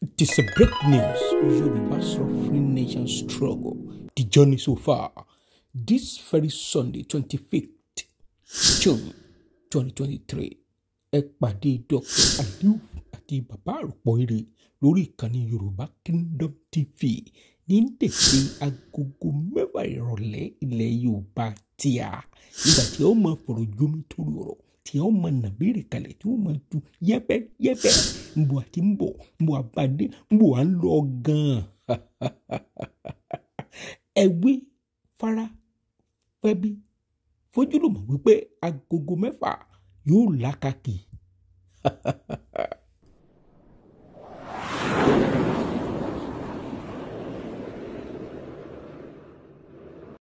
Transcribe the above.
It is a break news. Yoruba Sovereign Nation struggle. The journey so far. This very Sunday, 25th June 2023. Ẹ pàdé Dr. Aliu àti Bàbá Àròpọ̀ Ire lórí ìkànnì Yorùbá Kingdom TV ní dèdè agogo mẹ́wàá ìrọ̀lẹ́ ilẹ̀ Yorùbá tíà nígbà tí ó máa fọ̀rọ̀ jómi tó rọrọ̀ tí ó mọ nà béèrè kalẹ̀ tí wọ́n mọ tu yẹ́pẹ́ yẹ́pẹ́ ń bọ̀ àti ń bọ̀ ń bọ̀ àbàdé ń bọ̀ à ń lọ gan-an ẹgbẹ́ fara fẹ́bi fojúlùmọ̀ wípé agogo mẹ́fà yóò lákàkì.